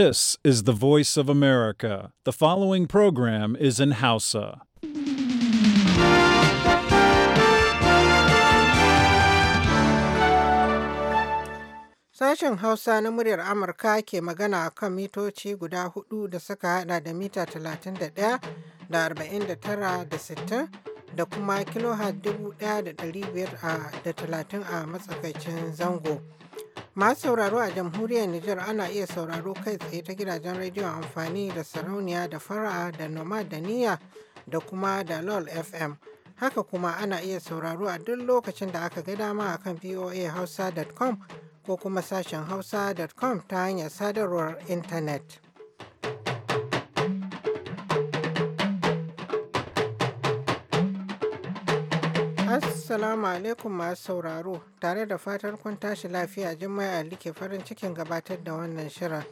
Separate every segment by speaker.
Speaker 1: This is the voice of America. The following program is in Hausa.
Speaker 2: Sashen Hausa na muryar Amurka ke magana a kan mitoci guda hudu da suka hada da mita 31 da 49 da 60 da kuma kilohat 1530 a matsakaicin zango. Masu sauraro a jamhuriyar Nijar ana iya sauraro kai tsaye ta gidajen rediyo amfani da sarauniya da fara'a da nomad da niyya da kuma da lol fm. Haka kuma ana iya sauraro a duk lokacin da aka ga dama a kan voahausa.com ko kuma sashen hausa.com ta hanyar sadarwar intanet. Assalamu alaikum masu sauraro tare da fatar kun tashi lafiya jima'i alike farin cikin gabatar da wannan shirin.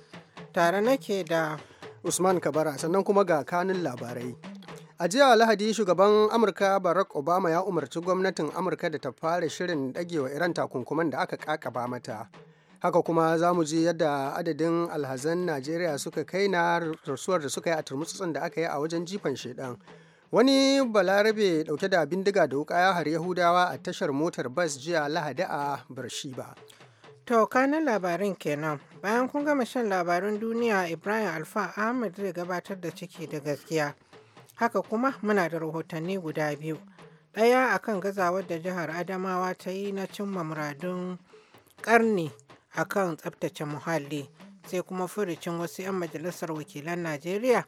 Speaker 2: Tare
Speaker 3: nake da Usman Kabara sannan kuma ga kanun labarai. A jiya Lahadi shugaban Amurka Barack Obama ya umarci gwamnatin Amurka da ta fara shirin dagewa Iran takunkuman da aka kakaba mata. Haka kuma za mu ji yadda adadin alhazan Najeriya suka kai na rasuwar da suka yi a turmutsutsun da aka yi a wajen jifan shedan. Wani balarabe dauke da bindiga da wuka ya har Yahudawa a tashar motar bas jiya Lahadi a ba. To kanan labarin kenan bayan kun gama shan labarun duniya
Speaker 2: Ibrahim Alfa Ahmed zai gabatar da ciki da gaskiya. Haka kuma muna da rahotanni guda biyu. Ɗaya kan gazawar da jihar Adamawa ta yi na cimma muradun ƙarni kan tsabtace muhalli sai kuma furicin wasu 'yan majalisar wakilan Najeriya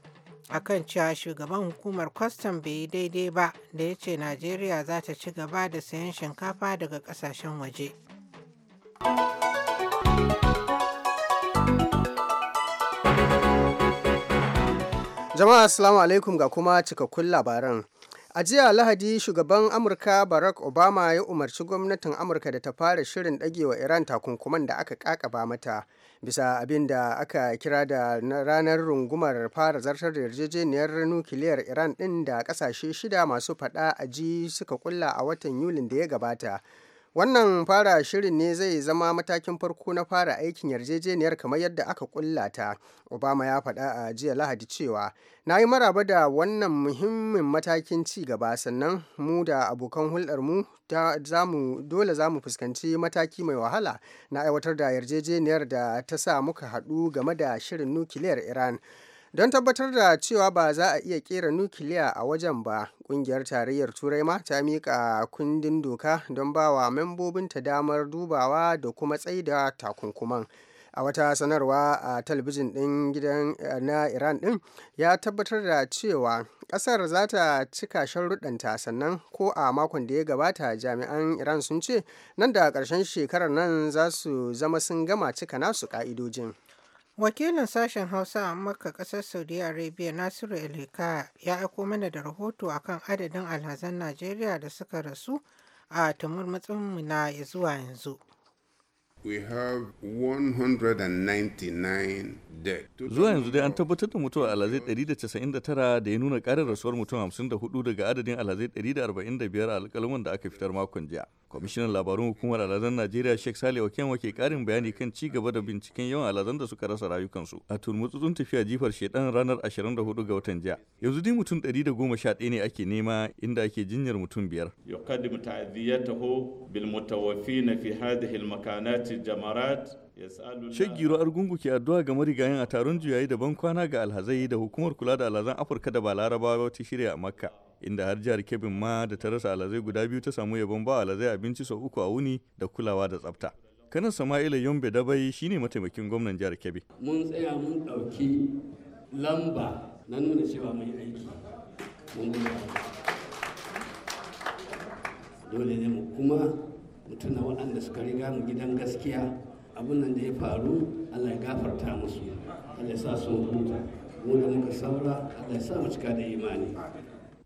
Speaker 2: akan cewa shugaban hukumar kwastam bai yi daidai ba da ya ce najeriya za ta ci gaba da sayan shinkafa daga kasashen waje
Speaker 3: jama'a assalamu alaikum ga kuma cikakkun labaran A jiya Lahadi shugaban Amurka Barack Obama ya umarci gwamnatin Amurka da ta fara shirin ɗagewa Iran takunkuman da aka ƙaƙaba mata bisa abin da aka kira da ranar rungumar fara zartar da yarjejeniyar nukiliyar Iran ɗin da ƙasashe shida masu faɗa a ji suka kulla a watan Yulin da ya gabata. Wannan fara shirin ne zai zama matakin farko na fara aikin yarjejeniyar kamar yadda aka kulla Obama ya faɗa a jiya Lahadi cewa, "Na yi maraba da wannan muhimmin matakin ci gaba sannan mu da abokan hulɗarmu dole za mu fuskanci mataki mai wahala na aiwatar da yarjejeniyar da ta sa muka haɗu game da shirin nukiliyar Iran." don tabbatar da cewa ba za a iya kera nukiliya a wajen ba kungiyar tarayyar turai ma ta mika kundin doka don ba wa membobinta damar dubawa da kuma tsaida takunkuman a wata sanarwa a talabijin ɗin gidan eh, na iran ɗin ya tabbatar da cewa ƙasar za ta cika sharuɗanta sannan ko a makon da ya gabata jami'an iran sun ce nan da karshen shekarar nan za su zama sun gama cika nasu ƙa'idojin Wakilin sashen
Speaker 2: Hausa a Makka ƙasar Saudi Arabia Nasiru elika ya aiko mana da rahoto akan adadin alhazan Najeriya da suka rasu a tumurmutsin na zuwa yanzu.
Speaker 4: Zuwa yanzu
Speaker 5: dai an tabbatar da a alazai 199 da ya nuna ƙarin rasuwar mutum 54 daga adadin alazai 145 a alƙalman da aka fitar makon jiya. Kwamishinan labarun hukumar alazan Najeriya Sheikh Sale Okenwa ke ƙarin bayani kan ci gaba da binciken yawan alhazan da suka rasa rayukansu a turmutsutsun tafiya jifar shedan ranar 24 ga watan jiya. Yanzu dai mutum 111 ne ake nema inda ake jinyar mutum biyar. Yuqaddimu taho bil na fi hadhihi al makanat jamarat Shaggiro Argungu ke addu'a ga marigayen a taron juyayi da bankwana kwana ga alhazai da hukumar kula da alhazan Afirka da ba larabawa ta shirya a Makka. Inda har jihar Kebin ma da ta rasa alhazai guda biyu ta samu yabon ba alhazai abinci sau uku a wuni da kulawa da tsafta. Kanan Sama'ila Yombe Dabai shine mataimakin gwamnan jihar Kebbi.
Speaker 6: Mun tsaya mun ɗauki lamba na nuna cewa mai aiki. Mun Dole ne mu kuma Mutum tuna waɗanda suka riga mu gidan gaskiya abin nan da ya faru allah ya gafarta musu allah ya sa sun huta mu da muka saura allah ya sa mu cika da imani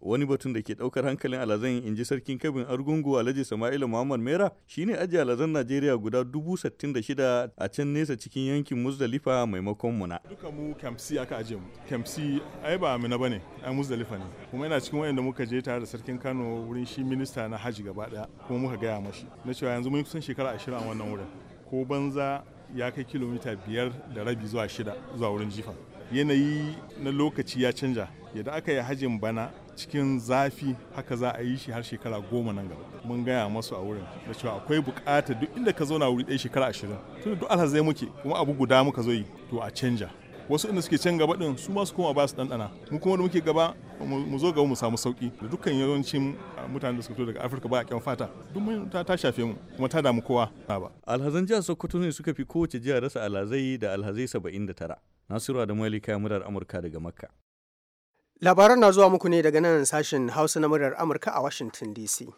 Speaker 5: wani batun da ke daukar hankalin alazan in ji sarkin kabin argungu alhaji sama'ila muhammad mera shine ajiye alazan najeriya guda dubu sittin da shida a can nesa cikin yankin muzdalifa maimakon muna
Speaker 7: duka mu kamsi aka ajiye mu kamsi ai ba amina bane ai muzdalifa ne kuma ina cikin wayanda muka je tare da sarkin kano wurin shi minista na haji gaba daya kuma muka gaya mashi na cewa yanzu mun kusan shekara ashirin a wannan wurin ko banza ya kai kilomita biyar da rabi zuwa shida zuwa wurin jifa yanayi na lokaci ya canja yadda aka yi hajin bana cikin zafi haka za a yi shi har shekara goma nan gaba mun gaya masu a wurin da cewa akwai bukata duk inda ka zauna wuri ɗaya shekara ashirin tun duk alhazai muke kuma abu guda muka zo yi to a canja wasu inda suke can gaba din su ma su koma ba su ɗanɗana mu kuma da muke gaba mu zo gaba mu samu sauki da
Speaker 5: dukkan yawancin mutanen da suka fito daga afirka ba a kyan fata duk ta, ta shafe mu kuma ta damu kowa na ba alhazan jihar sokoto ne suka fi kowace jihar rasa alhazai da alhazai saba'in da tara nasiru da malika murar amurka daga makka
Speaker 3: Labaran na zuwa muku ne daga nan sashen Hausa na muryar Amurka a Washington DC.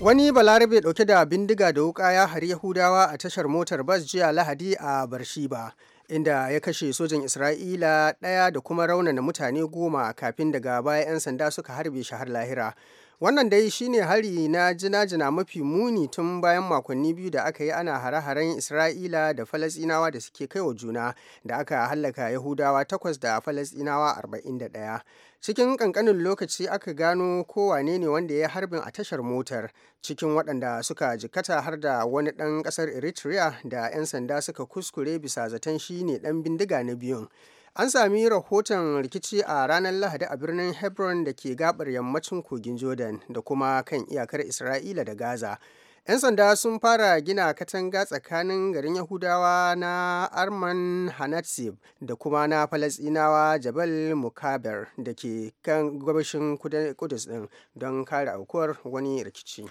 Speaker 3: Wani balarabe dauke da bindiga da wuka ya hari Yahudawa a tashar motar bas jiya Lahadi a Barshiba. inda ya kashe sojan Isra'ila ɗaya da kuma raunana mutane goma kafin daga baya 'yan sanda suka harbe shahar lahira. Wannan dai shine hari na jina-jina mafi muni tun bayan makonni biyu da aka yi ana hare-haren Isra'ila da Falasɗinawa da suke kai wa juna da aka hallaka Yahudawa takwas da Falasɗinawa 41. Cikin kankanin lokaci aka gano kowane ne wanda ya harbin a tashar motar cikin waɗanda suka jikata har da wani ɗan ƙasar Eritrea da 'yan sanda suka kuskure bisa zaton shine ɗan bindiga na biyun. An sami rahoton rikici a ranar Lahadi a birnin Hebron da ke gabar yammacin kogin Jordan da kuma kan iyakar Isra'ila da Gaza. 'Yan sanda sun fara gina katanga tsakanin garin Yahudawa na Arman Hanatsib da kuma na Falasinawa Jabal Mukaber da ke kan gabashin Kudus ɗin don kare aukuwar wani rikici.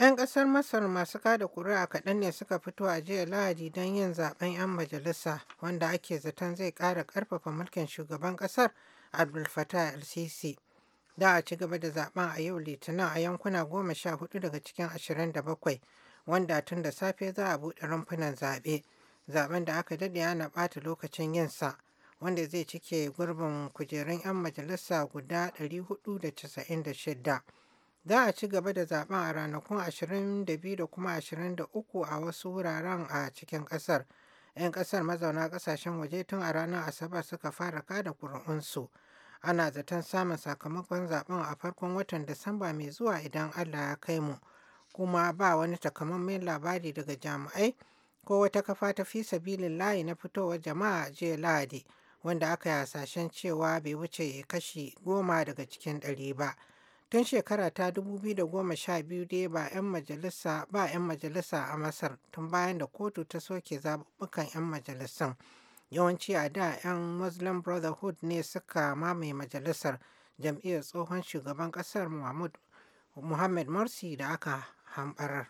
Speaker 3: 'Yan ƙasar Masar masu
Speaker 2: kada kuri'a kaɗan ne suka fito a jiya Lahadi don yin zaben 'yan majalisa wanda ake zaton zai ƙara ƙarfafa mulkin shugaban ƙasar Abdul Fattah al sisi Da a ci gaba da zaben a yau Litinin a yankuna goma sha hudu daga cikin ashirin da bakwai wanda tun da safe za a buɗe rumfunan zaɓe. Zaben da aka daɗe ana ɓata lokacin yinsa wanda zai cike gurbin kujerun 'yan majalisa guda ɗari da da casa'in 496. Za a ci gaba da zaben a ranakun 22 da kuma 23 a wasu wuraren a cikin ƙasar. 'Yan ƙasar mazauna ƙasashen waje tun a ranar Asabar suka fara kada ƙuri'unsu. Ana zaton samun sakamakon zaben a farkon watan Disamba mai zuwa idan Allah ya kai mu. Kuma ba wani takamaiman labari daga jami'ai ko wata kafa ta fi sabilin layi na fitowar jama'a jiya Lahadi wanda aka yi hasashen cewa bai wuce kashi goma daga cikin ɗari ba. Tun shekara ta 2012 dai ba 'yan majalisa ba 'yan majalisa a Masar tun bayan da kotu ta soke zaɓuɓɓukan 'yan majalisan Yawanci a da 'yan Muslim Brotherhood ne suka mamaye majalisar jam'iyyar tsohon shugaban ƙasar Muhammad Morsi da aka hambarar.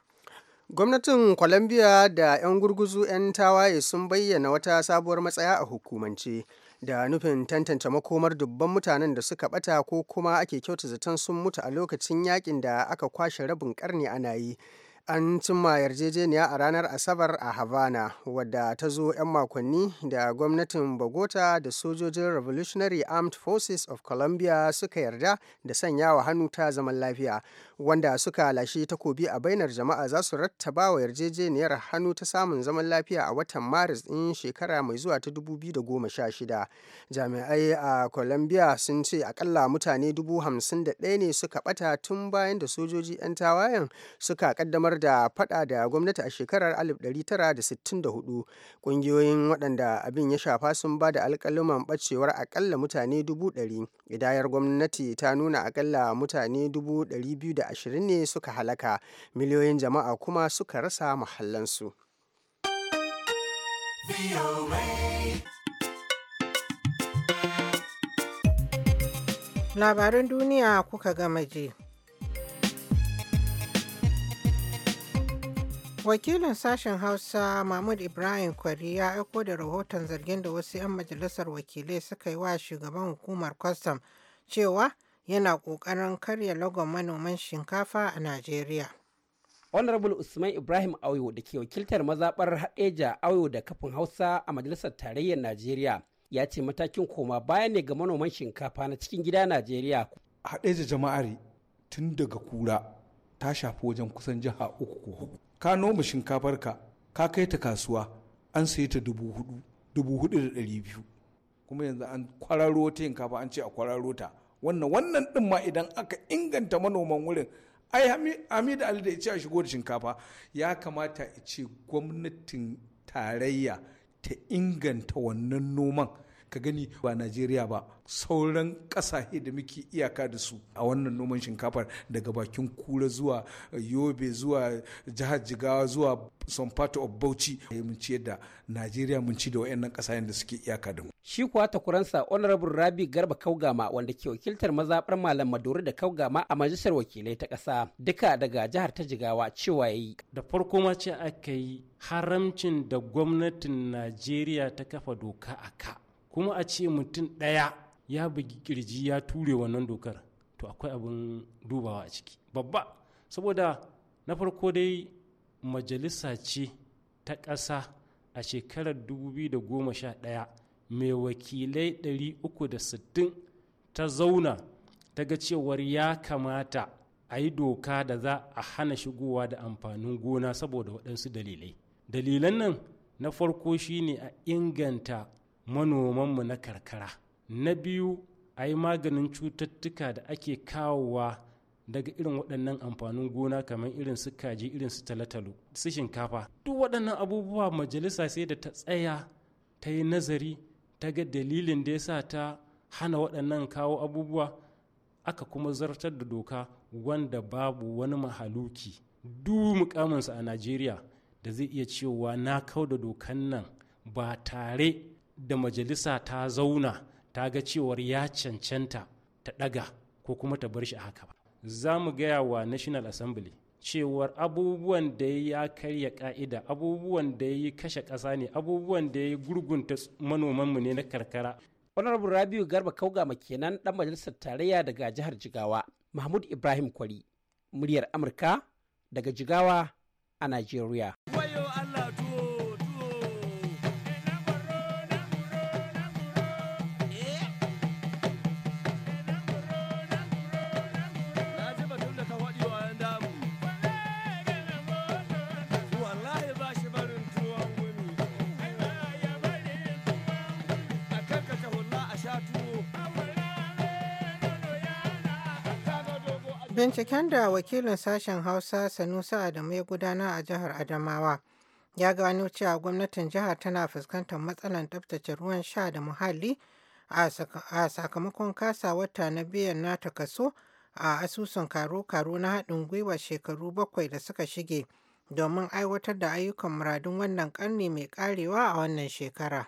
Speaker 3: Gwamnatin Colombia da 'yan gurguzu 'yan tawaye sun bayyana wata sabuwar matsaya a hukumance da nufin tantance makomar dubban mutanen da suka bata ko kuma ake kyauta zaton sun mutu a lokacin yakin da aka kwashe rabin karni ana yi an cimma yarjejeniya a ranar asabar a havana wadda ta zo 'yan makonni da gwamnatin bogota da sojojin revolutionary armed forces of colombia suka yarda da sanya wa hannu ta zaman lafiya wanda suka lashe takobi a bainar jama'a za su rattaba wa yarjejeniyar hannu ta samun zaman lafiya a watan maris ɗin shekara mai zuwa ta 2016 jami'ai a colombia sun ce akalla mutane 51 ne suka bata tun bayan da sojoji 'yan tawayen suka kaddamar da fada da gwamnati a shekarar 1964 ƙungiyoyin waɗanda abin ya shafa sun ba da alƙaluman ɓacewar akalla mutane 100 idayar gwamnati ta nuna akalla mutane 200 ashirin ne suka halaka miliyoyin jama'a kuma suka rasa muhallansu.
Speaker 2: Labarin duniya kuka gama je wakilin sashen hausa mahmud ibrahim kwari ya aiko da rahoton zargin da wasu 'yan majalisar wakilai suka yi wa shugaban hukumar kwastam cewa yana kokarin karya lagon manoman shinkafa a Najeriya.
Speaker 8: Honorable Usman Ibrahim Auyo da ke wakiltar mazaɓar Haɗeja Auyo da kafin Hausa a Majalisar Tarayyar Najeriya ya ce matakin koma bayan ne ga manoman shinkafa na cikin gida Najeriya.
Speaker 9: Haɗeja jama'ari tun daga kura ta shafi wajen kusan jiha uku ko Ka noma shinkafarka, ka kai ta kasuwa, an sayi ta dubu hudu, dubu hudu da ɗari biyu. Kuma yanzu an kwararo ta shinkafa an ce a kwararo ta wannan wannan din ma idan aka inganta manoman wurin ai hamid ali da ya ce a shigo da shinkafa ya kamata ya ce gwamnatin tarayya ta inganta wannan noman ka gani ba najeriya ba sauran ƙasashe da muke iyaka da su a wannan noman shinkafar daga bakin kura zuwa eh, yobe zuwa jihar jigawa zuwa some part of bauchi eh, mun ci yadda najeriya mun ci da wayannan ƙasashen da suke
Speaker 8: iyaka da mu shi kuwa takuransa honorable rabi garba kaugama wanda ke wakiltar mazaɓar malam
Speaker 1: maduri da kaugama a majalisar wakilai ta ƙasa duka daga jihar ta jigawa cewa yayi da farko ma ce aka yi haramcin da gwamnatin najeriya ta kafa doka a ka kuma a ce mutum ɗaya ya bugi kirji ya ture wannan dokar to akwai abin dubawa a ciki babba saboda na farko dai majalisa ce ta ƙasa a shekarar 2011 mai wakilai 360 ta zauna ta ga cewar ya kamata a yi doka da za a hana shigowa da amfanin gona saboda waɗansu dalilai dalilan nan na farko shine a inganta manomanmu na karkara na biyu a yi maganin cututtuka da ake kawowa daga irin waɗannan amfanin gona kamar irin su kaji irin su talatalo su shinkafa duk waɗannan abubuwa majalisa sai da ta tsaya ta yi nazari ta ga dalilin da ya sa ta hana waɗannan kawo abubuwa aka kuma zartar da doka wanda babu wani mahaluki duk mukaminsa a najeriya da zai iya cewa na kau da dokan nan ba tare da majalisa ta zauna ta ga cewar ya cancanta ta ɗaga ko kuma ta bar shi a haka ba za mu gaya wa national assembly cewar abubuwan da ya karya ka'ida abubuwan da ya kashe ƙasa ne abubuwan da ya gurgunta manomanmu ne na karkara honorable rabiu garba kaugama kenan dan majalisar tarayya daga jihar
Speaker 8: jigawa mahmud ibrahim kwari muryar amurka daga jigawa a nigeria.
Speaker 2: Binciken da wakilin sashen Hausa Sanusi Adamu ya gudana a jihar Adamawa ya gano cewa gwamnatin jihar tana fuskantar matsalar tsabtace ruwan sha da muhalli a sakamakon kasa wata na biyan nata kaso a asusun karo-karo na haɗin gwiwa shekaru bakwai da suka shige domin aiwatar da ayyukan muradun wannan ƙarni mai ƙarewa a wannan shekara.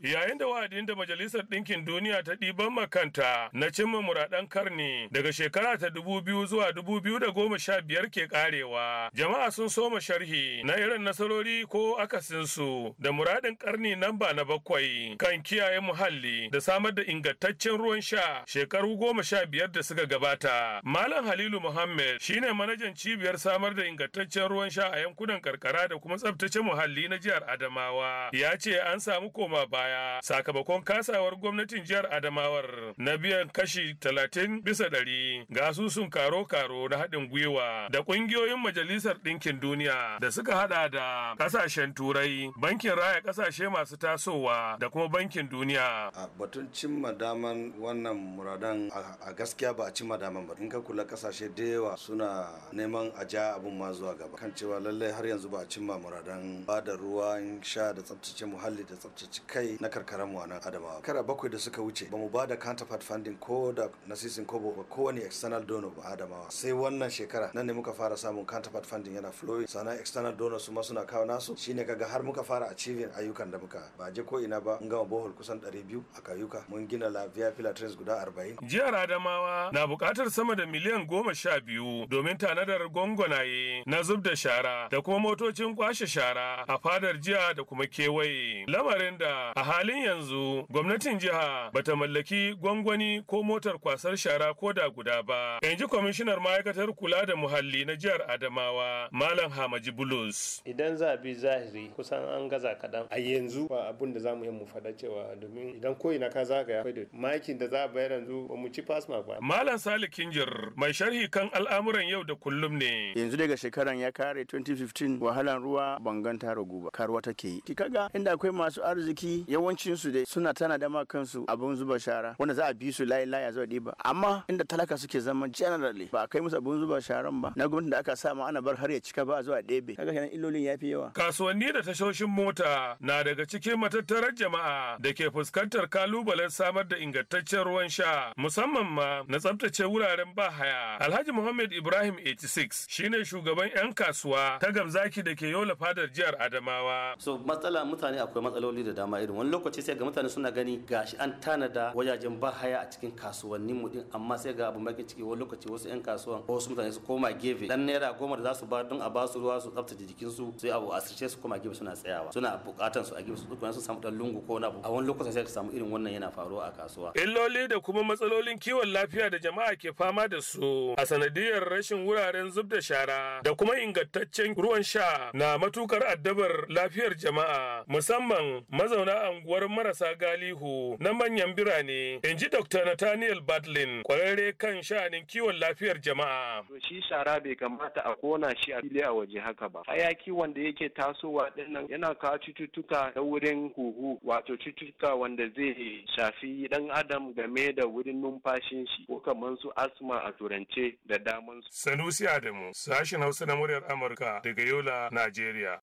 Speaker 7: Yayin da wa'adin da Majalisar Ɗinkin Duniya ta ɗiban makanta na cimma muradan karni daga shekara ta dubu biyu zuwa dubu biyu da goma sha biyar ke karewa. Jama'a sun soma sharhi na irin nasarori ko akasinsu da muradin karni nan ba na bakwai kan kiyaye muhalli da samar da ingantaccen ruwan sha shekaru goma sha biyar da suka gabata. Malam Halilu Muhammad shine manajan cibiyar samar da ingantaccen ruwan sha a yankunan karkara da kuma tsabtace muhalli na jihar Adamawa. Ya ce an samu koma baya baya sakamakon kasawar gwamnatin jihar Adamawar na biyan kashi talatin bisa ɗari ga asusun karo-karo na haɗin gwiwa da ƙungiyoyin Majalisar Ɗinkin Duniya da suka haɗa da ƙasashen Turai, Bankin Raya ƙasashe masu tasowa da kuma Bankin Duniya. A batun cimma daman wannan muradan a gaskiya ba a
Speaker 9: cimma daman ba. In ka kula ƙasashe da yawa suna neman a ja abun ma zuwa gaba. Kan cewa lallai har yanzu ba a cimma muradan ba da ruwan sha da tsabtace muhalli da tsabtace kai na karkaran mu nan Adamawa kara bakwai da suka wuce ba mu ba da counterpart funding ko da nasisin kobo ba ko wani external donor ba Adamawa sai wannan shekara nan ne muka fara samun counterpart funding yana flowing sana external donors su ma suna kawo nasu shine kaga har muka fara achieving ayyukan da muka ba je ko ina ba mun gama bohol kusan 200 a kayuka mun gina lafiya filatrins guda 40
Speaker 7: jihar Adamawa na bukatar sama da miliyan goma sha biyu domin tanadar gwangwanaye na zub da shara da kuma motocin kwashe shara a fadar jiya da kuma kewaye lamarin da a halin yanzu gwamnatin jiha bata mallaki gwangwani ko motar kwasar shara ko da guda ba. Yanzu kwamishinar ma'aikatar kula da muhalli na jihar Adamawa Malam Hamaji Bulus.
Speaker 6: Idan za bi zahiri kusan an gaza kaɗan a yanzu ba abun da za mu yi mu fada cewa domin idan ina ka zagaya akwai da makin da za a bayar yanzu ba mu ci fasma ba. Malam
Speaker 7: Salik Kinjir mai sharhi kan al'amuran yau da kullum ne. Yanzu daga shekaran ya kare 2015
Speaker 6: wahalan ruwa bangan ta ragu ba karuwa take. Ki kaga inda akwai masu arziki yawancin su dai suna tana da ma kansu abun zuba shara wanda za a bi su layi layi zuwa ɗiba amma inda talaka suke zama generally ba a kai musu abun zuba sharan ba na gwamnati da aka sa ma ana bar har ya cika ba a zuwa ɗebe kaga kenan illolin fi yawa
Speaker 7: kasuwanni da tashoshin mota na daga cikin matattarar jama'a da ke fuskantar kalubalen samar da ingantaccen ruwan sha musamman ma na tsabtace wuraren ba haya alhaji muhammad ibrahim 86 shine shugaban 'yan kasuwa ta gamzaki da ke yola fadar jihar adamawa so matsala mutane akwai matsaloli da dama irin wani lokaci sai
Speaker 6: ga mutane suna gani gashi an tanada wajajen ba haya a cikin kasuwannin mu din amma sai ga abu makin ciki wani lokaci wasu yan kasuwan wasu mutane su koma gefe dan naira goma da za su ba don a ba su ruwa su tsaftace jikin su sai abu a sirce su koma gefe suna tsayawa suna bukatan su a gefe su tsukuna su samu dan lungu ko na a wani
Speaker 7: lokaci sai ka samu irin wannan yana faruwa a kasuwa illoli da kuma matsalolin kiwon lafiya da jama'a ke fama da su a sanadiyar rashin wuraren zub da shara da kuma ingantaccen ruwan sha na matukar addabar lafiyar jama'a musamman mazauna unguwar marasa galihu na manyan birane in ji dr nathaniel badlin kwararre kan sha'anin kiwon lafiyar jama'a shi shara bai kamata a kona shi a fili a waje haka ba
Speaker 9: hayaki wanda yake tasowa dinnan yana kawo cututtuka ta wurin huhu wato cututtuka wanda zai shafi dan adam game da wurin numfashin shi ko kamar su
Speaker 7: asma a turance da damansu sanusi adamu sashen hausa na muryar amurka daga yola najeriya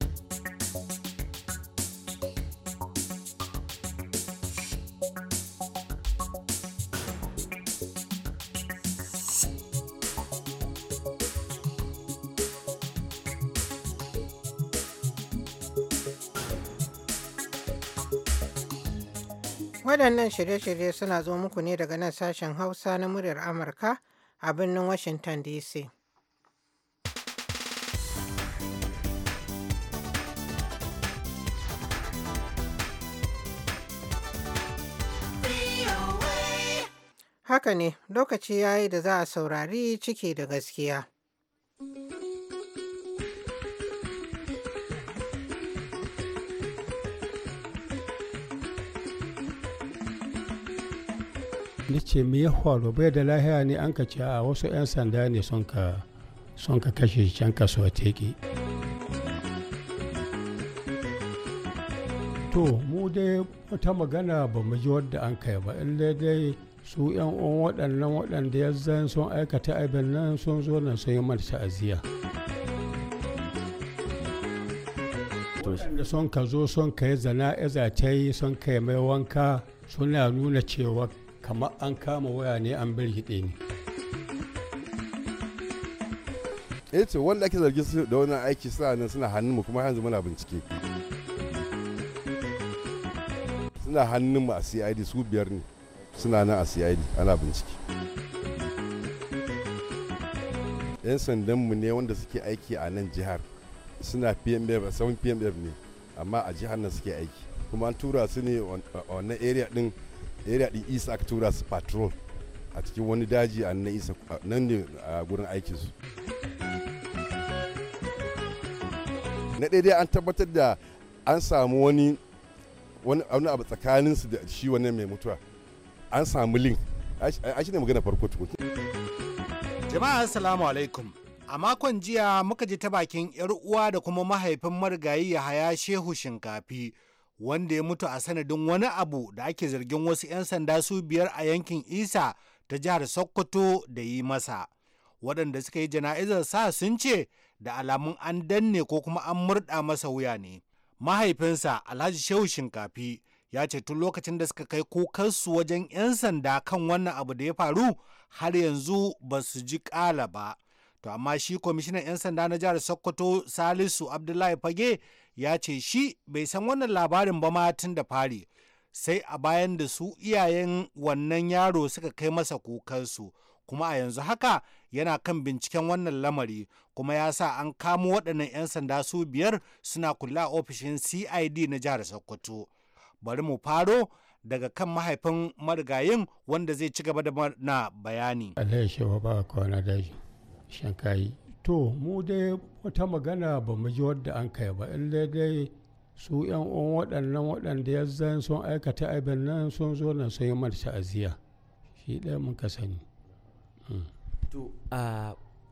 Speaker 2: Waɗannan shirye-shirye suna zo muku ne daga nan sashen Hausa na muryar Amurka a birnin Washington DC. Haka ne, lokaci ya yi da za a saurari ciki da gaskiya.
Speaker 6: ni ce me ya faru bai da lahiya ne an ka ce a wasu 'yan sanda ne son ka kashe can kasuwa teki to mu dai wata magana ba mu ji wadda an kai ba in dai su 'yan uwan waɗannan waɗanda ya zan sun aikata abin nan sun zo nan sun yi mata ta'aziyya waɗanda sun ka zo sun ka yi zana'iza ta yi sun ka yi mai wanka suna nuna cewa kamar an kama waya ne an bar hide ne
Speaker 4: eh to wanda ake zargi da wannan aiki suna nan suna hannunmu kuma yanzu muna bincike suna hannunmu a cid su biyar ne suna nan a cid ana bincike yan sandanmu ne wanda suke aiki a nan jihar suna pmf a pmf ne amma a jihar nan suke aiki kuma an tura su ne a wannan area din area din isa aka tura su patrol a cikin wani daji a nan isa nan ne a gurin aikin su na daidai an tabbatar da an samu wani wani abu tsakanin su da shi wannan mai mutuwa an samu link a shi ne magana farko tukun
Speaker 9: jama'a assalamu alaikum a makon jiya muka ji ta bakin yar uwa da kuma mahaifin marigayi haya shehu shinkafi wanda ya mutu a sanadin wani abu da ake zargin wasu 'yan sanda su biyar a yankin isa ta jihar sokoto da yi masa waɗanda suka yi jana'izar sa sun ce da alamun an danne ko kuma an murɗa masa wuya ne mahaifinsa alhaji shehu shinkafi ya ce tun lokacin da suka kai kukansu wajen 'yan sanda kan wannan abu da ya faru har yanzu ba su ji ƙala ba to amma shi kwamishinan 'yan sanda na jihar sokoto salisu abdullahi fage ya ce shi bai san wannan labarin ba ma tun da fari sai a bayan da su iyayen wannan yaro suka kai masa kukansu kuma a yanzu haka yana kan binciken wannan lamari kuma ya sa an kamo waɗannan 'yan sanda su biyar suna kula a ofishin cid na jihar sokoto bari mu faro daga kan mahaifin marigayin wanda zai ci gaba da na bayani
Speaker 6: ya ba shankayi To, mu dai wata magana ba mu ji wadda an kai ba, in dai su ‘yan uwan waɗannan waɗanda ya zan sun aikata abin nan sun zo na sun yi mata aziya Shi ɗaya mun ka sani.
Speaker 1: Mm.
Speaker 8: To,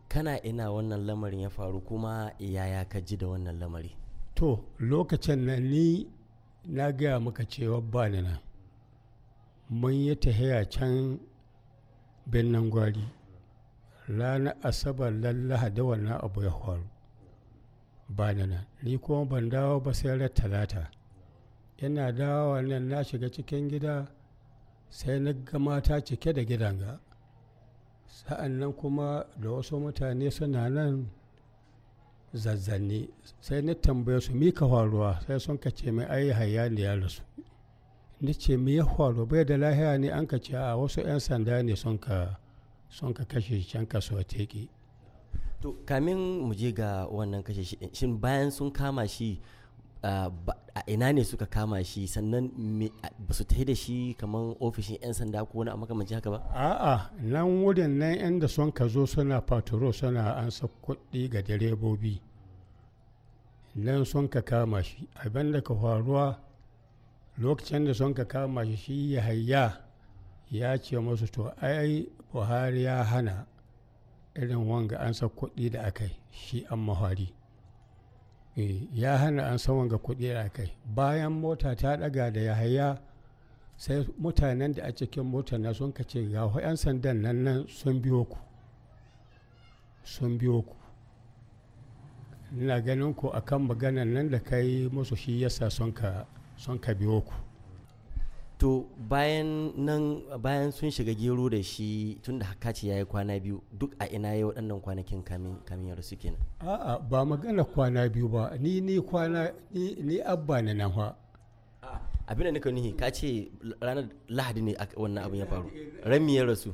Speaker 8: kana ina wannan lamarin ya faru kuma yaya ka ji da wannan lamari?
Speaker 6: To, lokacin na ni na gaya maka cewa ba ni nan. Mun yi tahiya can birnin gwari. ranar asabar lallaha da wannan abu ya faru ba nan ni kuma ban dawo ba sai ran talata ina dawowa nan na shiga cikin gida sai na ga mata cike da gidan ga sa'an nan kuma da wasu mutane suna nan zazzanni sai na tambaye su mi ka faruwa sai sun ka ce mai ayi hayya ne ya rasu ni ce mi ya faru bai da lahiya ne an ka a wasu 'yan sanda ne sun ka sun ka kashe shi can kaso teke
Speaker 8: to kamin mu je ga wannan kashe shi shin bayan sun kama shi a ina ne suka kama shi sannan ba su ta da shi kamar ofishin 'yan sanda ko wani a makamanci haka ba
Speaker 6: a'a nan wurin nan 'yan da sun ka zo suna faturo suna ansa kuɗi ga direbobi nan sun ka kama shi abin da ka faruwa lokacin da sun ka kama shi shi ya hayya ya ce masu to ai buhari ya hana irin wanga an sa kuɗi da aka shi an mahari eh, ya hana an san wanga kuɗi da aka bayan mota ta ɗaga da yahaya sai mutanen da a cikin mota na sun kace ga 'yan sandan nan nan sun biyo ku sun biyo ku ina ganin ku akan maganan nan da kai musu shi yasa sun ka biyo ku
Speaker 8: to bayan nan bayan sun shiga gero da shi tun da hakaci ya yi kwana biyu duk a ina ya waɗannan kwanakin kamin kamin yaro suke
Speaker 6: a'a ba magana kwana biyu ba ni ni kwana ni, ni abba na nan fa
Speaker 8: abin da nika nihi ka ce ranar lahadi ne wannan abin ya faru rami ya rasu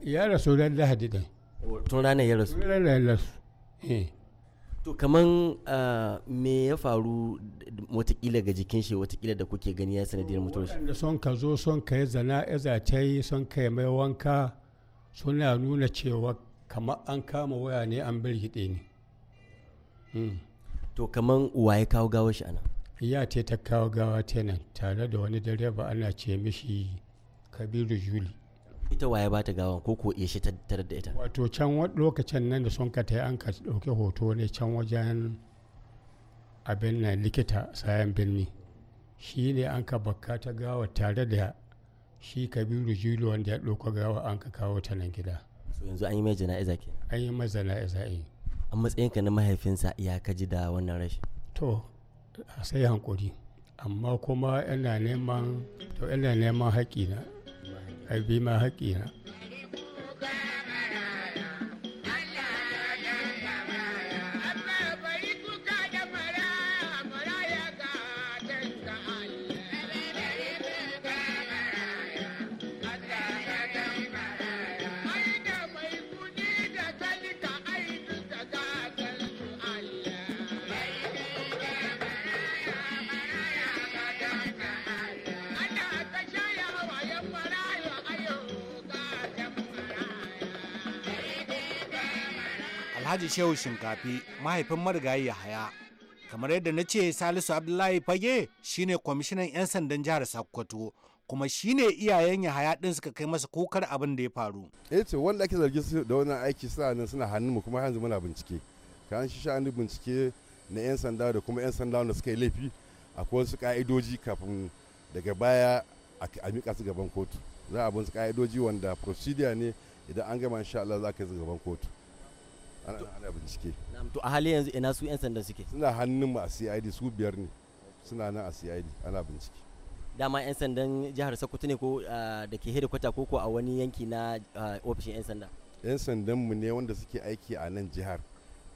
Speaker 6: ya rasu ran lahadi
Speaker 8: din tun ranar ya rasu ranar ya rasu eh to kaman ah, me ya faru watakila ga jikin shi watakila da kuke gani ya sanadiyar mutuwar shi da
Speaker 6: son ka zo son ka yi zana ya son ka yi mai wanka suna nuna cewa kamar an kama waya ne an bar hide ne hmm. to
Speaker 8: kaman wa ya kawo gawar shi ana
Speaker 6: ya ce ta kawo gawa tenan tare da wani direba ana
Speaker 8: ce mishi kabiru juli ita waye ba ta gawan ko ko iya shi ta tarar da ita
Speaker 6: wato can lokacin nan da sun ka ta an ka ɗauki hoto ne can wajen abin na likita sayan birni shi ne an ka bakka ta gawa tare da shi kabiru jilo wanda ya ɗauka gawa an ka kawo ta nan gida
Speaker 9: so
Speaker 8: yanzu an yi mai jana'iza ke an yi mai jana'iza eh a matsayinka na mahaifinsa ya ka ji da wannan rashin
Speaker 6: to sai hankuri amma kuma yana neman to yana neman haƙi na a bi ma haƙƙina
Speaker 9: alhaji shehu shinkafi mahaifin marigayi yahaya kamar yadda na ce salisu abdullahi fage shine kwamishinan 'yan sandan jihar sokoto
Speaker 4: kuma shine iyayen yahaya din suka kai masa kokar abin da ya faru eh to wanda ake zargi da wannan aiki suna nan suna hannun mu kuma yanzu muna bincike kan shi an bincike na 'yan sanda da kuma 'yan sanda wanda suka yi laifi akwai wasu ka'idoji kafin daga baya a mika su gaban kotu za a bin su ka'idoji wanda procedure ne idan an gama insha Allah za ka yi gaban kotu ana bincike to a hali yanzu ina su 'yan sanda suke suna hannun mu a cid su biyar ne suna nan a cid ana bincike
Speaker 8: dama 'yan sandan jihar sokoto ne ko da ke hedikwata ko ko a wani yanki na ofishin 'yan sanda
Speaker 4: 'yan sandan mu ne wanda suke aiki a nan jihar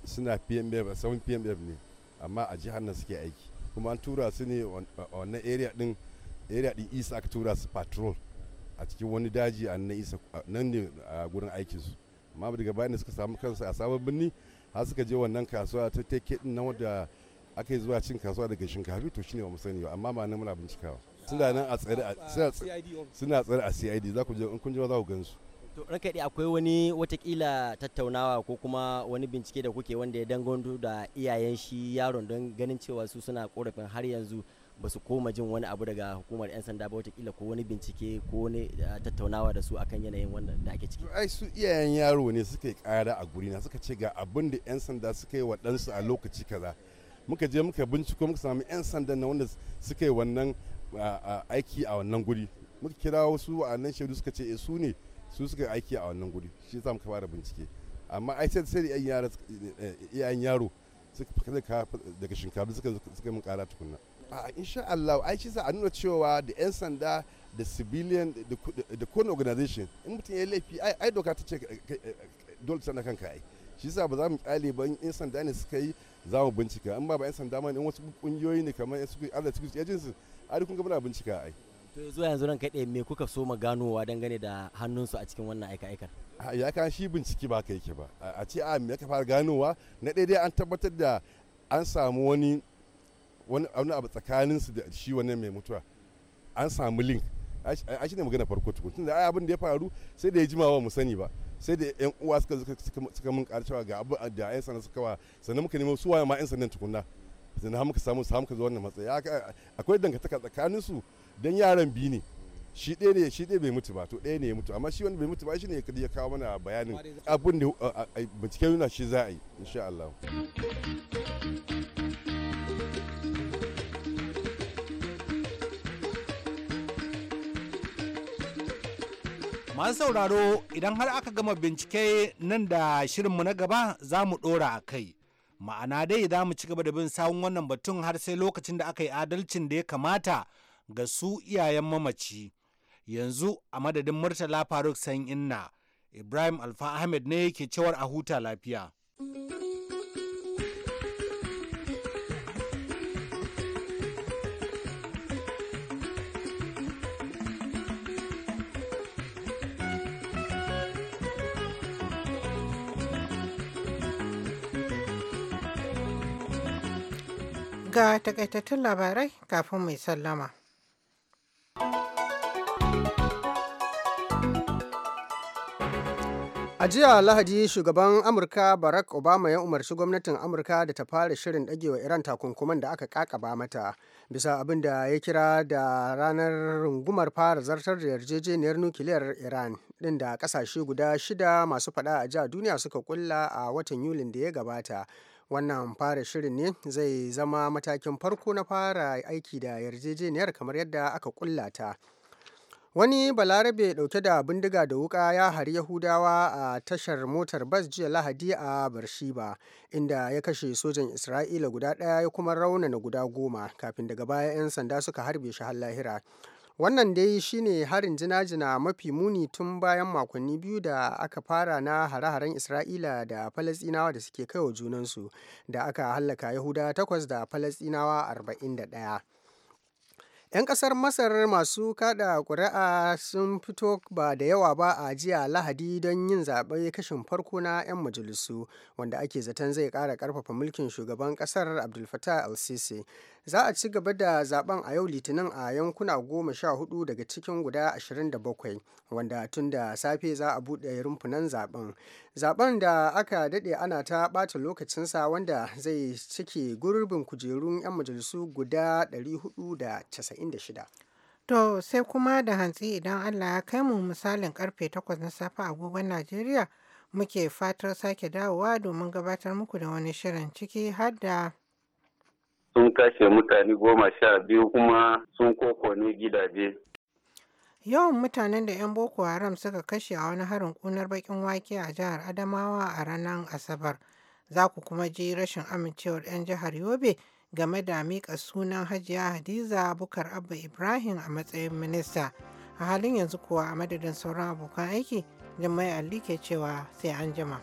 Speaker 4: suna pmf a saman pmf ne amma a jihar nan suke aiki kuma an tura su ne wannan area din area din isa aka tura su patrol a cikin wani daji a nan isa nan ne a gurin aikinsu amma daga bayan da suka samu kansu a sabon birni har suka je wannan kasuwa ta take din nan wadda aka yi zuwa cin kasuwa daga shinkafi to shine ba mu sani ba amma ma nan muna bincikawa suna nan a tsare suna tsare a CID za ku je in kun je za ku gansu
Speaker 8: to ranka dai akwai wani watakila tattaunawa ko kuma wani bincike da kuke wanda ya danganto da iyayen shi yaron don ganin cewa su suna korafin har yanzu ba su koma jin wani abu daga hukumar 'yan sanda ba watakila ko wani bincike ko wani tattaunawa da su akan yanayin wannan da ake ciki
Speaker 4: ai su iyayen yaro ne suka yi kara a guri na suka ce ga abin da 'yan sanda suka yi wa ɗansu a lokaci kaza muka je muka binciko muka sami 'yan sanda na wanda suka yi wannan aiki a wannan guri muka kira wasu a nan shaidu suka ce eh, su ne su suka yi aiki a wannan guri shi yasa muka fara bincike amma ai sai sai eh, eh, iyayen yaro suka daga shinkafa suka suka mun kara tukunna a ah, insha Allah ai shi sa a nuna cewa da 'yan sanda da civilian da kone organization in mutum ya laifi ai doka ta ce eh, eh, eh, dole sanda kanka ai shi sa ba za mu kyale ba in sanda ne suka yi za mu bincika in ba ba 'yan sanda ma in wasu kungiyoyi ne kamar yan suka Allah security agency ai kun ga muna bincika ai to zuwa yanzu ran kaɗai me kuka so ma ganowa dangane da hannunsu a cikin wannan aika-aikar ah, ya kan shi bincike ba ka yake ba a ce a ah, me ka fara ganowa na daidai an tabbatar da an samu wani wani abu tsakaninsu da shi wannan mai mutuwa an samu link a shi ne magana farko tukun tunda ai abin da ya faru sai da ya jima wa mu sani ba sai da yan uwa suka suka mun wa ga abu da yan sanan suka wa sannan muka nemo su waye ma yan sanan tukunna sannan har muka samu samu ka zo wannan matsayi akwai dangantaka tsakanin su dan yaran biyu ne shi ɗaya ne shi ɗaya bai mutu ba to ɗaya ne ya mutu amma shi wanda bai mutu ba shi ne ya kawo mana bayanin abin da binciken yana shi za a yi insha Allah
Speaker 9: Masu sauraro idan har aka gama bincike nan da shirinmu na gaba za mu ɗora a kai. Ma'ana dai za mu ci gaba da bin sawun wannan batun har sai lokacin da aka yi adalcin da ya kamata ga su iyayen mamaci. Yanzu a madadin Murtala Faruk San Inna, Ibrahim Alfa Ahmed ne yake cewar a huta lafiya.
Speaker 2: ga takaitattun labarai kafin mai sallama.
Speaker 3: A jiya Lahadi shugaban Amurka Barack Obama ya umarci gwamnatin Amurka da ta fara shirin dagewa Iran takunkuman da aka kakaba mata bisa abin da ya kira da ranar rungumar fara zartar da yarjejeniyar nukiliyar Iran din da kasashe guda shida masu fada a jiya duniya suka kulla a watan Yulin da ya gabata. wannan fara shirin ne zai zama matakin farko na fara aiki da yarjejeniyar kamar yadda aka kullata. ta Wani balarabe ɗauke da bindiga da wuƙa ya hari Yahudawa a tashar motar bas jiya Lahadi a Barshiba, inda ya kashe sojan Isra'ila guda ɗaya ya kuma raunana guda goma, kafin daga baya 'yan sanda suka harbe shi har lahira. Wannan dai shine harin jina-jina mafi muni tun bayan makonni biyu da aka fara na hare-haren Isra'ila da Falasɗinawa da suke kaiwa junansu, da aka hallaka Yahuda takwas da Falasɗinawa arba'in da ɗaya. 'Yan kasar Masar masu kada kuri'a sun fito ba da yawa ba a jiya Lahadi don yin zaɓe kashin farko na 'yan majalisu, wanda ake zaton zai ƙara ƙarfafa mulkin shugaban ƙasar abdulfatah al sisi za a ci gaba da zaben a yau litinin a yankuna goma sha hudu daga cikin guda ashirin da bakwai wanda tun da safe za a buɗe rumfunan zaben zaben da aka daɗe ana ta ɓata lokacinsa wanda zai cike gurbin kujerun 'yan majalisu guda 496 To sai
Speaker 2: kuma da hantsi idan Allah ya kai mu misalin karfe takwas na safe agogon Najeriya muke fatar sake dawowa domin gabatar muku da wani shirin ciki har da
Speaker 6: sun kashe mutane goma sha biyu kuma sun kokone gidaje.
Speaker 2: Yawan mutanen da 'yan Boko Haram suka kashe a wani harin kunar bakin wake a jihar Adamawa a ranar Asabar. Za ku kuma ji rashin amincewar 'yan jihar Yobe game da miƙa sunan Hajiya Hadiza Bukar Abba Ibrahim a matsayin minista. A halin yanzu kuwa a madadin sauran abokan aiki, Jummai Ali ke cewa sai an jima.